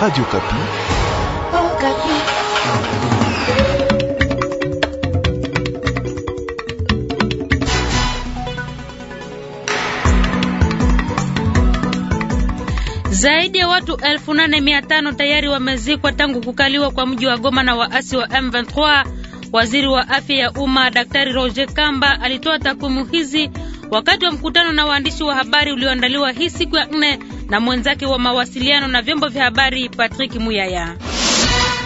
Radio Kapi. Oh, Kapi. Zaidi ya watu 8500 tayari wamezikwa tangu kukaliwa kwa mji wa Goma na waasi wa M23. Waziri wa afya ya umma Daktari Roger Kamba alitoa takwimu hizi wakati wa mkutano na waandishi wa habari ulioandaliwa hii siku ya nne na mwenzake wa mawasiliano na vyombo vya habari Patrick Muyaya.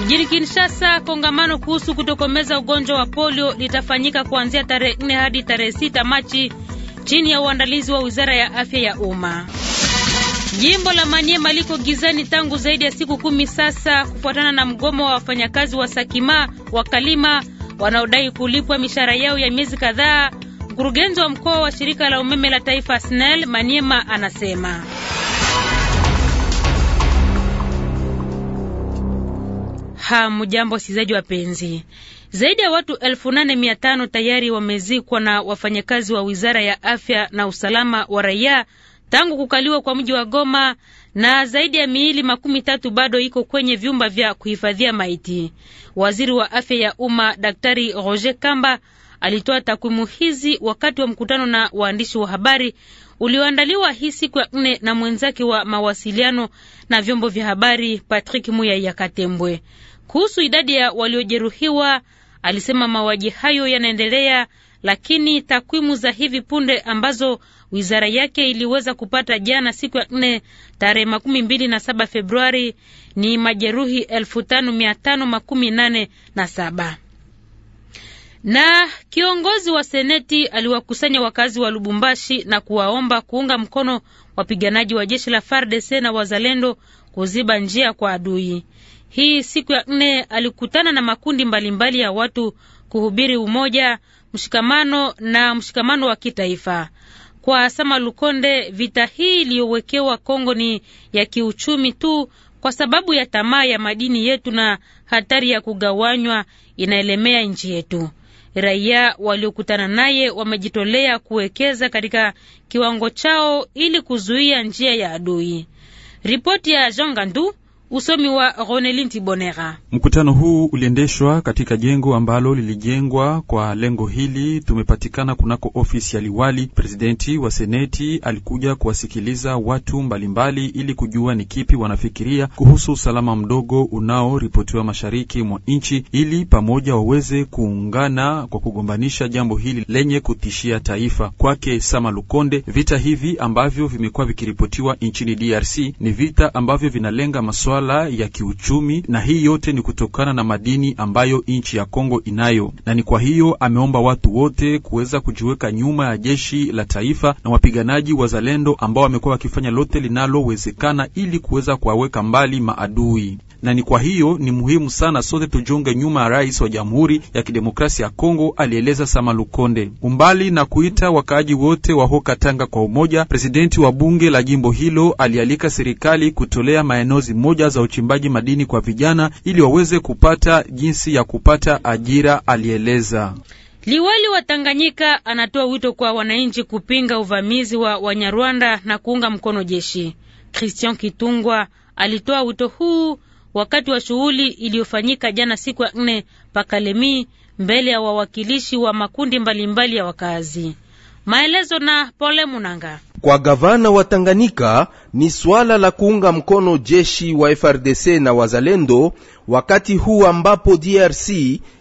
Mjini Kinshasa, kongamano kuhusu kutokomeza ugonjwa wa polio litafanyika kuanzia tarehe 4 hadi tarehe sita Machi chini ya uandalizi wa Wizara ya Afya ya Umma. Jimbo la Maniema liko gizani tangu zaidi ya siku kumi sasa kufuatana na mgomo wa wafanyakazi wa Sakima wa Kalima wanaodai kulipwa mishahara yao ya miezi kadhaa. Mkurugenzi wa mkoa wa shirika la umeme la taifa SNEL Maniema anasema Hamjambo wasikilizaji wapenzi, zaidi ya watu elfu nane mia tano tayari wamezikwa na wafanyakazi wa wizara ya afya na usalama wa raia tangu kukaliwa kwa mji wa Goma, na zaidi ya miili makumi tatu bado iko kwenye vyumba vya kuhifadhia maiti. Waziri wa afya ya umma Daktari Roger Kamba alitoa takwimu hizi wakati wa mkutano na waandishi wa habari ulioandaliwa hii siku ya nne na mwenzake wa mawasiliano na vyombo vya habari Patrick Muyaya Katembwe. Kuhusu idadi ya waliojeruhiwa, alisema mauaji hayo yanaendelea, lakini takwimu za hivi punde ambazo wizara yake iliweza kupata jana siku ya nne tarehe makumi mbili na saba Februari ni majeruhi elfu tano mia tano makumi nane na saba. Na kiongozi wa seneti aliwakusanya wakazi wa Lubumbashi na kuwaomba kuunga mkono wapiganaji wa jeshi la FARDC na wazalendo kuziba njia kwa adui. Hii siku ya nne alikutana na makundi mbalimbali ya watu kuhubiri umoja, mshikamano na mshikamano wa kitaifa. Kwa Sama Lukonde, vita hii iliyowekewa Kongo ni ya kiuchumi tu kwa sababu ya tamaa ya madini yetu na hatari ya kugawanywa inaelemea nchi yetu. Raia waliokutana naye wamejitolea kuwekeza katika kiwango chao ili kuzuia njia ya adui. Ripoti ya Jean Gandu Usomi wa Ronelin Tibonera. Mkutano huu uliendeshwa katika jengo ambalo lilijengwa kwa lengo hili. Tumepatikana kunako ofisi ya liwali. Presidenti wa seneti alikuja kuwasikiliza watu mbalimbali mbali, ili kujua ni kipi wanafikiria kuhusu usalama mdogo unaoripotiwa mashariki mwa nchi, ili pamoja waweze kuungana kwa kugombanisha jambo hili lenye kutishia taifa. Kwake Sama Lukonde, vita hivi ambavyo vimekuwa vikiripotiwa nchini DRC ni vita ambavyo vinalenga maswala masuala ya kiuchumi, na hii yote ni kutokana na madini ambayo nchi ya Kongo inayo, na ni kwa hiyo ameomba watu wote kuweza kujiweka nyuma ya jeshi la taifa na wapiganaji wazalendo ambao wamekuwa wakifanya lote linalowezekana ili kuweza kuwaweka mbali maadui na ni kwa hiyo ni muhimu sana sote tujunge nyuma ya rais wa Jamhuri ya Kidemokrasia ya Kongo, alieleza Sama Lukonde. Umbali na kuita wakaaji wote wa hoka tanga kwa umoja, presidenti wa bunge la jimbo hilo alialika serikali kutolea maenozi moja za uchimbaji madini kwa vijana ili waweze kupata jinsi ya kupata ajira, alieleza. Liwali wa Tanganyika anatoa wito kwa wananchi kupinga uvamizi wa Wanyarwanda na kuunga mkono jeshi. Christian Kitungwa alitoa wito huu wakati wa shughuli iliyofanyika jana siku ya nne Pakalemi, mbele ya wawakilishi wa makundi mbalimbali mbali ya wakazi. Maelezo na Pole Munanga. Kwa gavana wa Tanganyika ni suala la kuunga mkono jeshi wa FRDC na wazalendo wakati huu ambapo DRC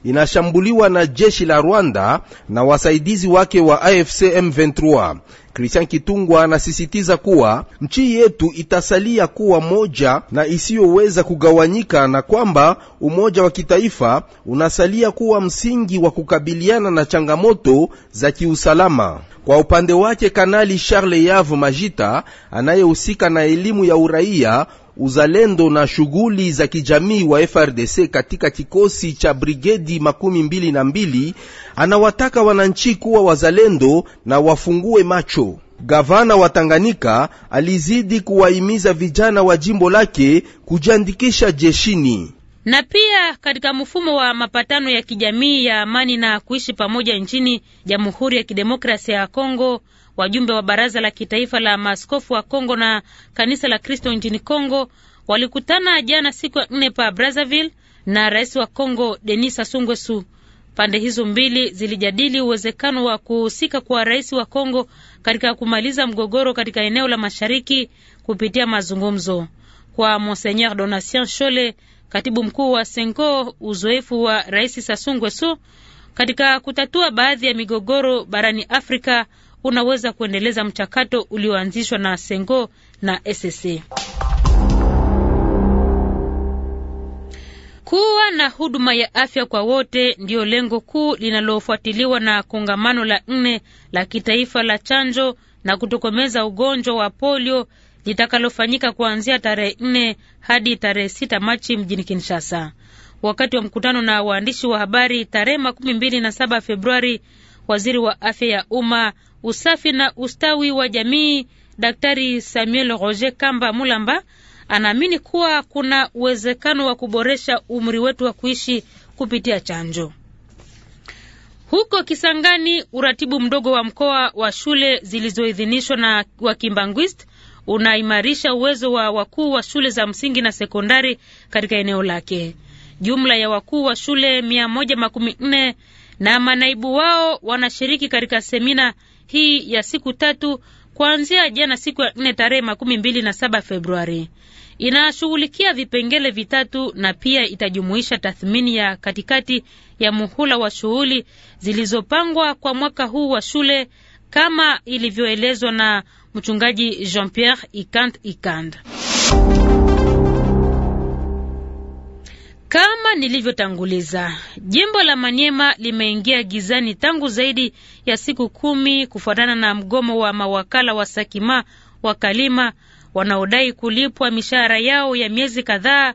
inashambuliwa na jeshi la Rwanda na wasaidizi wake wa AFC M23. Christian Kitungwa anasisitiza kuwa nchi yetu itasalia kuwa moja na isiyoweza kugawanyika na kwamba umoja wa kitaifa unasalia kuwa msingi wa kukabiliana na changamoto za kiusalama. Kwa upande wake, Kanali Charles Yave Majita anayehusika kuhusika na elimu ya uraia, uzalendo na shughuli za kijamii wa FRDC katika kikosi cha brigedi makumi mbili na mbili anawataka wananchi kuwa wazalendo na wafungue macho. Gavana wa Tanganyika alizidi kuwahimiza vijana wa jimbo lake kujiandikisha jeshini na pia katika mfumo wa mapatano ya kijamii ya amani na kuishi pamoja nchini Jamhuri ya Kidemokrasia ya Kongo. Wajumbe wa Baraza la Kitaifa la Maaskofu wa Kongo na Kanisa la Kristo nchini Kongo walikutana jana siku ya nne pa Brazzaville na Rais wa Kongo Denis Sassou Nguesso. Pande hizo mbili zilijadili uwezekano wa kuhusika kwa rais wa Kongo katika kumaliza mgogoro katika eneo la mashariki kupitia mazungumzo. Kwa Monseigneur Donatien Shole, Katibu mkuu wa Senko, uzoefu wa Rais Sassou Nguesso katika kutatua baadhi ya migogoro barani Afrika unaweza kuendeleza mchakato ulioanzishwa na Sengo na SSA. Kuwa na huduma ya afya kwa wote ndiyo lengo kuu linalofuatiliwa na kongamano la nne la kitaifa la chanjo na kutokomeza ugonjwa wa polio litakalofanyika kuanzia tarehe nne hadi tarehe sita Machi mjini Kinshasa. Wakati wa mkutano na waandishi wa habari tarehe makumi mbili na saba Februari, waziri wa afya ya umma, usafi na ustawi wa jamii, Daktari Samuel Roger Kamba Mulamba anaamini kuwa kuna uwezekano wa kuboresha umri wetu wa kuishi kupitia chanjo. Huko Kisangani, uratibu mdogo wa mkoa wa shule zilizoidhinishwa na wa unaimarisha uwezo wa wakuu wa shule za msingi na sekondari katika eneo lake. Jumla ya wakuu wa shule mia moja makumi nne na manaibu wao wanashiriki katika semina hii ya siku tatu kuanzia jana siku ya nne tarehe makumi mbili na saba Februari. Inashughulikia vipengele vitatu na pia itajumuisha tathmini ya katikati ya muhula wa shughuli zilizopangwa kwa mwaka huu wa shule kama ilivyoelezwa na mchungaji Jean Pierre Ikand Ikand. Kama nilivyotanguliza, jimbo la Manyema limeingia gizani tangu zaidi ya siku kumi kufuatana na mgomo wa mawakala wa Sakima wa Kalima wanaodai kulipwa mishahara yao ya miezi kadhaa,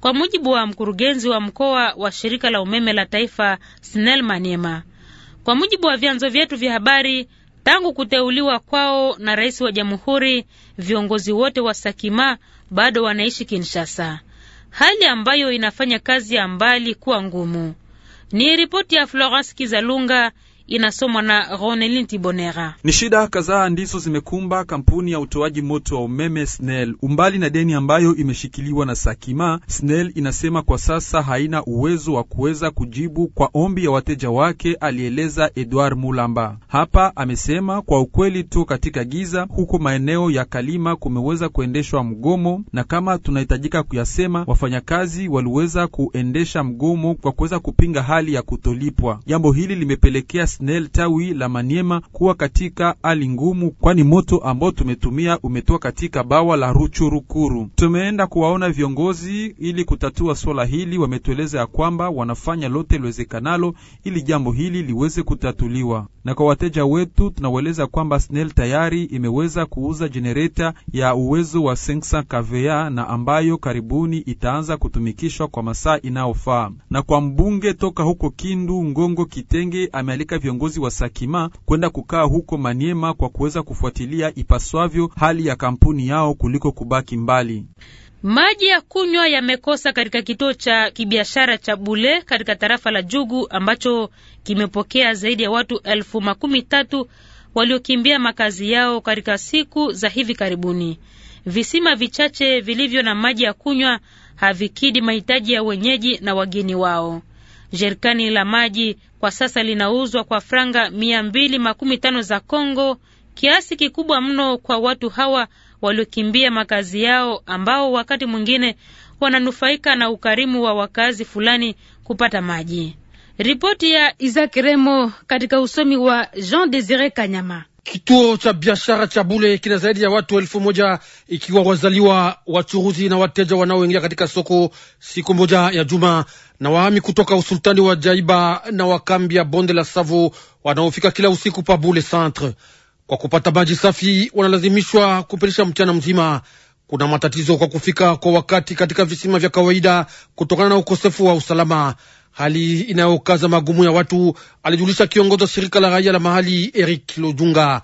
kwa mujibu wa mkurugenzi wa mkoa wa shirika la umeme la taifa SNEL Manyema. Kwa mujibu wa vyanzo vyetu vya habari, Tangu kuteuliwa kwao na rais wa jamhuri, viongozi wote wa Sakima bado wanaishi Kinshasa, hali ambayo inafanya kazi ya mbali kuwa ngumu. Ni ripoti ya Florence Kizalunga inasomwa na Ronelin Tibonera. Ni shida kadhaa ndizo zimekumba kampuni ya utoaji moto wa umeme SNEL umbali na deni ambayo imeshikiliwa na Sakima. SNEL inasema kwa sasa haina uwezo wa kuweza kujibu kwa ombi ya wateja wake, alieleza Edward Mulamba. Hapa amesema kwa ukweli tu, katika giza huko maeneo ya Kalima kumeweza kuendeshwa mgomo, na kama tunahitajika kuyasema, wafanyakazi waliweza kuendesha mgomo kwa kuweza kupinga hali ya kutolipwa. Jambo hili limepelekea Snel tawi la Maniema kuwa katika hali ngumu, kwani moto ambao tumetumia umetoa katika bawa la Ruchurukuru. Tumeenda kuwaona viongozi ili kutatua swala hili, wametueleza ya kwamba wanafanya lote liwezekanalo ili jambo hili liweze kutatuliwa na kwa wateja wetu tunawaeleza kwamba SNEL tayari imeweza kuuza jenereta ya uwezo wa 500 kVA na ambayo karibuni itaanza kutumikishwa kwa masaa inayofaa. Na kwa mbunge toka huko Kindu Ngongo Kitenge amealika viongozi wa Sakima kwenda kukaa huko Maniema kwa kuweza kufuatilia ipaswavyo hali ya kampuni yao kuliko kubaki mbali. Maji ya kunywa yamekosa katika kituo cha kibiashara cha Bule katika tarafa la Jugu ambacho kimepokea zaidi ya watu elfu makumi tatu waliokimbia makazi yao katika siku za hivi karibuni. Visima vichache vilivyo na maji ya kunywa havikidi mahitaji ya wenyeji na wageni wao. Jerikani la maji kwa sasa linauzwa kwa franga mia mbili makumi tano za Kongo, kiasi kikubwa mno kwa watu hawa waliokimbia makazi yao ambao wakati mwingine wananufaika na ukarimu wa wakazi fulani kupata maji. Ripoti ya Isaac Remo katika usomi wa Jean Desire Kanyama. Kituo cha biashara cha Bule kina zaidi ya watu elfu moja ikiwa wazaliwa, wachuruzi na wateja wanaoingia katika soko siku moja ya juma, na waami kutoka usultani wa Jaiba na wakambi ya bonde la Savo wanaofika kila usiku pa Bule centre. Kwa kupata maji safi wanalazimishwa kupitisha mchana mzima. Kuna matatizo kwa kufika kwa wakati katika visima vya kawaida kutokana na ukosefu wa usalama, hali inayokaza magumu ya watu, alijulisha kiongozi wa shirika la raia la mahali Eric Lojunga.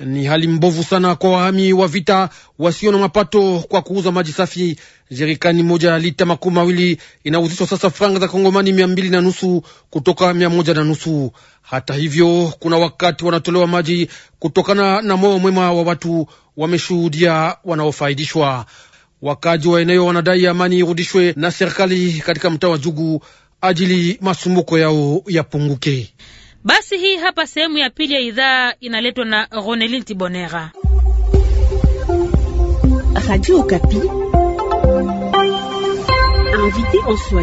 Ni hali mbovu sana kwa wahami wa vita wasio na mapato kwa kuuza maji safi Jerikani moja ya lita makumi mawili inauzishwa sasa franga za Kongomani mia mbili na nusu kutoka mia moja na nusu. Hata hivyo, kuna wakati wanatolewa maji kutokana na moyo mwema wa watu wameshuhudia wanaofaidishwa. Wakaji wa eneo wanadai amani irudishwe na serikali katika mtaa wa Jugu ajili masumbuko yao yapunguke. Basi hii hapa sehemu ya pili ya idhaa inaletwa na Ronelin Tibonera, Radio Invité en soi.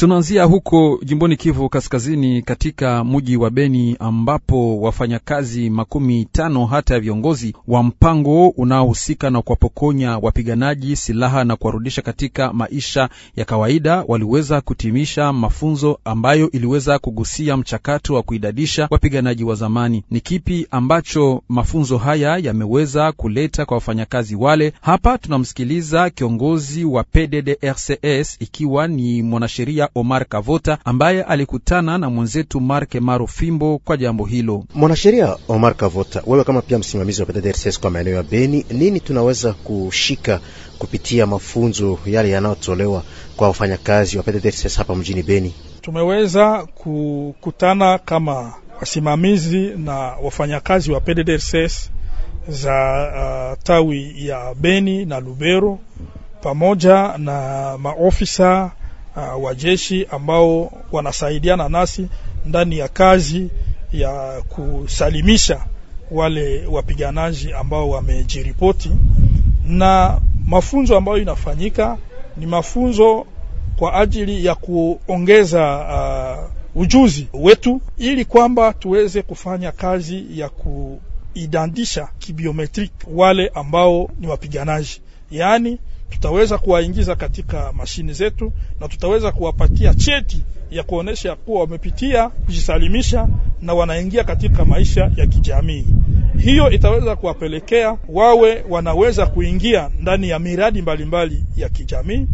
Tunaanzia huko jimboni Kivu Kaskazini, katika mji wa Beni ambapo wafanyakazi makumi tano hata ya viongozi wa mpango unaohusika na kuwapokonya wapiganaji silaha na kuwarudisha katika maisha ya kawaida waliweza kutimisha mafunzo ambayo iliweza kugusia mchakato wa kuidadisha wapiganaji wa zamani. Ni kipi ambacho mafunzo haya yameweza kuleta kwa wafanyakazi wale? Hapa tunamsikiliza kiongozi wa PDDRCS ikiwa ni mwanasheria Omar Kavota ambaye alikutana na mwenzetu Marke Marofimbo kwa jambo hilo. Mwanasheria Omar Kavota, wewe kama pia msimamizi wa PDDRCS kwa maeneo ya Beni, nini tunaweza kushika kupitia mafunzo yale yanayotolewa kwa wafanyakazi wa PDDRCS hapa mjini Beni? Tumeweza kukutana kama wasimamizi na wafanyakazi wa PDDRCS za uh, tawi ya Beni na Lubero pamoja na maofisa Uh, wa wajeshi ambao wanasaidiana nasi ndani ya kazi ya kusalimisha wale wapiganaji ambao wamejiripoti, na mafunzo ambayo inafanyika ni mafunzo kwa ajili ya kuongeza uh, ujuzi wetu ili kwamba tuweze kufanya kazi ya kuidandisha kibiometriki wale ambao ni wapiganaji, yaani tutaweza kuwaingiza katika mashini zetu na tutaweza kuwapatia cheti ya kuonesha kuwa wamepitia kujisalimisha na wanaingia katika maisha ya kijamii. Hiyo itaweza kuwapelekea wawe wanaweza kuingia ndani ya miradi mbalimbali mbali ya kijamii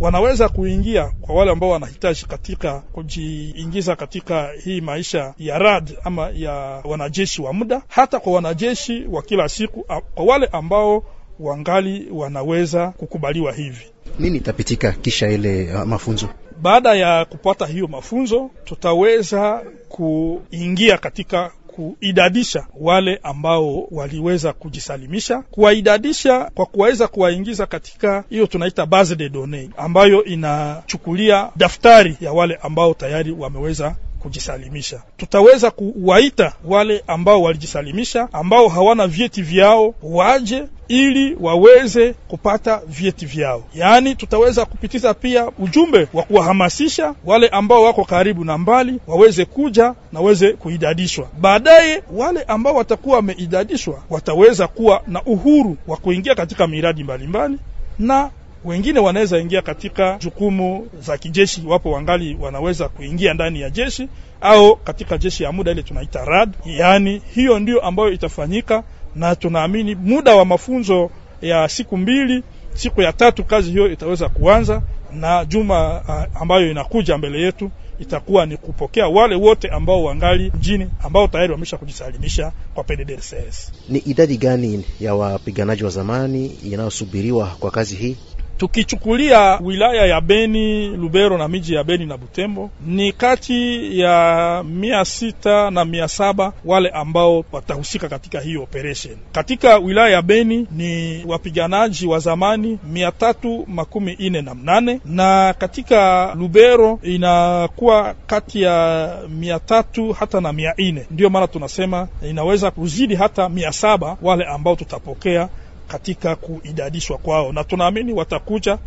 wanaweza kuingia kwa wale ambao wanahitaji katika kujiingiza katika hii maisha ya rad ama ya wanajeshi wa muda, hata kwa wanajeshi wa kila siku, kwa wale ambao wangali wanaweza kukubaliwa hivi. Nini itapitika kisha ile uh, mafunzo? Baada ya kupata hiyo mafunzo, tutaweza kuingia katika kuidadisha wale ambao waliweza kujisalimisha, kuwaidadisha kwa kuweza kuwaingiza katika hiyo tunaita base de ambayo inachukulia daftari ya wale ambao tayari wameweza kujisalimisha. Tutaweza kuwaita wale ambao walijisalimisha, ambao hawana vyeti vyao waje ili waweze kupata vyeti vyao. Yaani, tutaweza kupitiza pia ujumbe wa kuwahamasisha wale ambao wako karibu na mbali waweze kuja na waweze kuidadishwa. Baadaye wale ambao watakuwa wameidadishwa wataweza kuwa na uhuru wa kuingia katika miradi mbalimbali mbali, na wengine wanaweza ingia katika jukumu za kijeshi, wapo wangali wanaweza kuingia ndani ya jeshi au katika jeshi ya muda ile tunaita rad. Yaani hiyo ndio ambayo itafanyika, na tunaamini muda wa mafunzo ya siku mbili, siku ya tatu kazi hiyo itaweza kuanza, na juma ambayo inakuja mbele yetu itakuwa ni kupokea wale wote ambao wangali mjini ambao tayari wamesha kujisalimisha kwa PDDRCS. Ni idadi gani ya wapiganaji wa zamani inayosubiriwa kwa kazi hii? Tukichukulia wilaya ya Beni, Lubero na miji ya Beni na Butembo ni kati ya mia sita na mia saba wale ambao watahusika katika hii operation. Katika wilaya ya Beni ni wapiganaji wa zamani mia tatu makumi ine na mnane na katika Lubero inakuwa kati ya mia tatu hata na mia ine. Ndiyo maana tunasema inaweza kuzidi hata mia saba wale ambao tutapokea katika kuidadishwa kwao, na tunaamini watakuja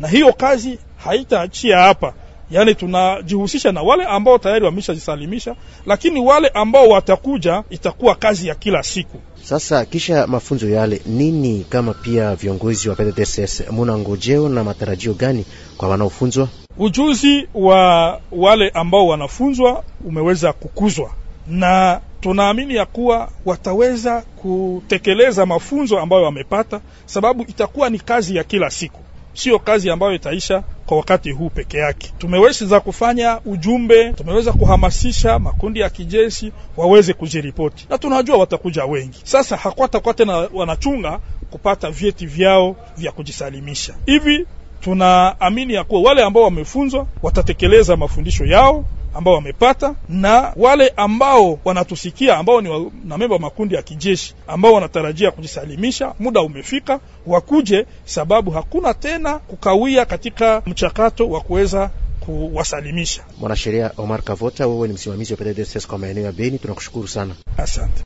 na hiyo kazi haitaachia hapa. Yaani, tunajihusisha na wale ambao tayari wameshajisalimisha, lakini wale ambao watakuja itakuwa kazi ya kila siku. Sasa kisha mafunzo yale, nini kama pia viongozi wa PDDSS, muna ngojeo na matarajio gani kwa wanaofunzwa? Ujuzi wa wale ambao wanafunzwa umeweza kukuzwa na tunaamini ya kuwa wataweza kutekeleza mafunzo ambayo wamepata, sababu itakuwa ni kazi ya kila siku, sio kazi ambayo itaisha kwa wakati huu peke yake. Tumeweza kufanya ujumbe, tumeweza kuhamasisha makundi ya kijeshi waweze kujiripoti, na tunajua watakuja wengi. Sasa hakwatakuwa tena wanachunga kupata vyeti vyao vya kujisalimisha. Hivi tunaamini ya kuwa wale ambao wamefunzwa watatekeleza mafundisho yao ambao wamepata na wale ambao wanatusikia ambao ni memba wa makundi ya kijeshi ambao wanatarajia kujisalimisha, muda umefika wakuje, sababu hakuna tena kukawia katika mchakato wa kuweza kuwasalimisha. Mwanasheria Omar Kavota, wewe ni msimamizi wa PDDSS kwa maeneo ya Beni, tunakushukuru sana, asante.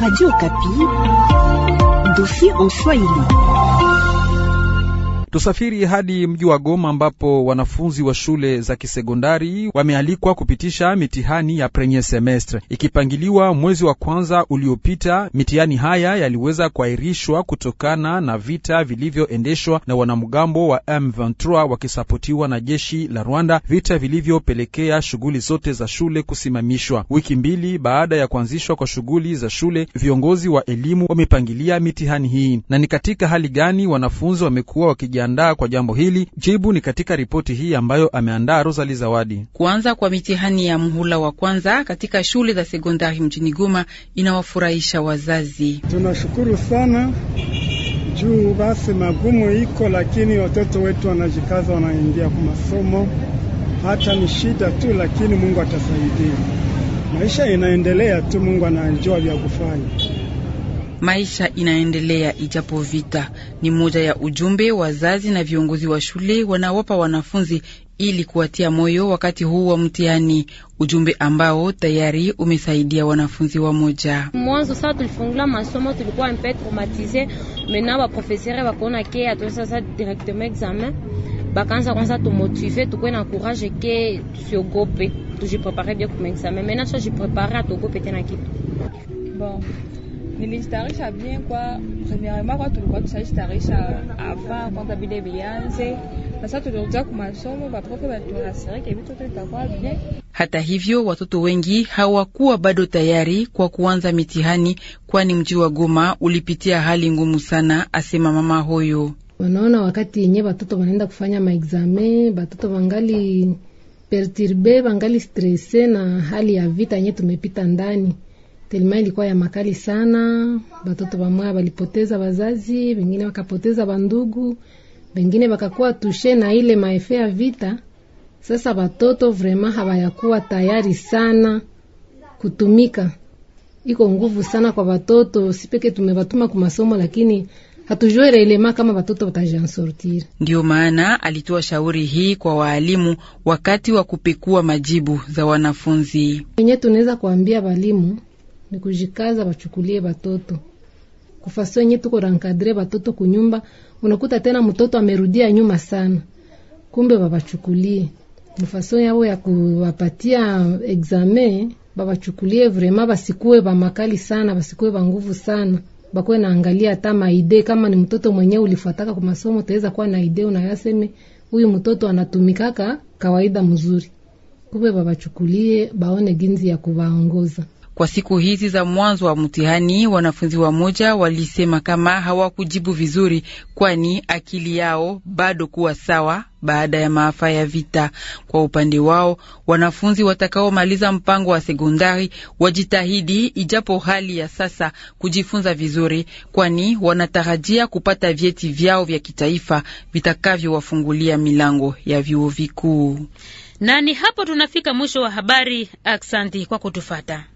Radio Kapi, en Swahili. Tusafiri hadi mji wa Goma ambapo wanafunzi wa shule za kisekondari wamealikwa kupitisha mitihani ya premier semestre ikipangiliwa mwezi wa kwanza uliopita. Mitihani haya yaliweza kuahirishwa kutokana na vita vilivyoendeshwa na wanamgambo wa M23 wakisapotiwa na jeshi la Rwanda, vita vilivyopelekea shughuli zote za shule kusimamishwa. Wiki mbili baada ya kuanzishwa kwa shughuli za shule, viongozi wa elimu wamepangilia mitihani hii. Na ni katika hali gani wanafunzi wamekuwa wakija kujiandaa kwa jambo hili? Jibu ni katika ripoti hii ambayo ameandaa Rosali Zawadi. Kuanza kwa mitihani ya mhula wa kwanza katika shule za sekondari mjini Goma inawafurahisha wazazi. Tunashukuru sana juu basi magumu iko, lakini watoto wetu wanajikaza, wanaingia kwa masomo. Hata ni shida tu, lakini Mungu atasaidia. Maisha inaendelea tu, Mungu anajua vya kufanya. Maisha inaendelea ijapo vita, ni moja ya ujumbe wazazi na viongozi wa shule wanawapa wanafunzi ili kuwatia moyo wakati huu wa mtihani, ujumbe ambao tayari umesaidia wanafunzi wa moja. Mwanzo saa tulifungula masomo tulikuwa mpe traumatize mena baprofesere wakaona ke atuesa sa directement examen bakaanza kwanza tumotive tukwe na courage ke tusiogope tujiprepare bien kuma mena cha jiprepare atuogope tena kitu bon nilistarisha bien kwa premierement, kwa tulikuwa tushastarisha avant kwanza bile bianze. Sasa tulikuja kwa masomo ba prof baturasire ke vitu tutakuwa bien. Hata hivyo watoto wengi hawakuwa bado tayari kwa kuanza mitihani, kwani mji wa Goma ulipitia hali ngumu sana, asema mama huyo. Wanaona wakati yenye watoto wanaenda kufanya maexame, watoto wangali perturbe, wangali strese na hali ya vita yenye tumepita ndani Telma ilikuwa ya makali sana, batoto bamwaya balipoteza wazazi, bengine bakapoteza bandugu, bengine bakakuwa tushe na ile maefe ya vita. Sasa batoto vrema habayakuwa tayari sana kutumika. Iko nguvu sana kwa batoto, Sipeke tumebatuma ku masomo, lakini hatujue relema kama batoto batajansortir. Ndio maana alitoa shauri hii kwa waalimu wakati wa kupekua majibu za wanafunzi. Wenye tunaweza kuambia walimu ni kujikaza wachukulie watoto kufasi wenye tuko rankadre watoto kunyumba, unakuta tena mtoto amerudia nyuma sana, kumbe babachukulie mufaso yao ya kuwapatia exame, babachukulie vrema, basikuwe bamakali sana, basikuwe banguvu sana, bakuwe naangalia hata maide. Kama ni mtoto mwenye ulifuataka kwa masomo, utaweza kuwa na ide unayaseme huyu mtoto anatumikaka kawaida mzuri, kumbe babachukulie, baone ginzi ya kuwaongoza. Kwa siku hizi za mwanzo wa mtihani, wanafunzi wa moja walisema kama hawakujibu vizuri, kwani akili yao bado kuwa sawa baada ya maafa ya vita. Kwa upande wao, wanafunzi watakaomaliza mpango wa sekondari wajitahidi, ijapo hali ya sasa, kujifunza vizuri, kwani wanatarajia kupata vyeti vyao vya kitaifa vitakavyowafungulia milango ya vyuo vikuu. Na ni hapo tunafika mwisho wa habari. Aksanti kwa kutufata.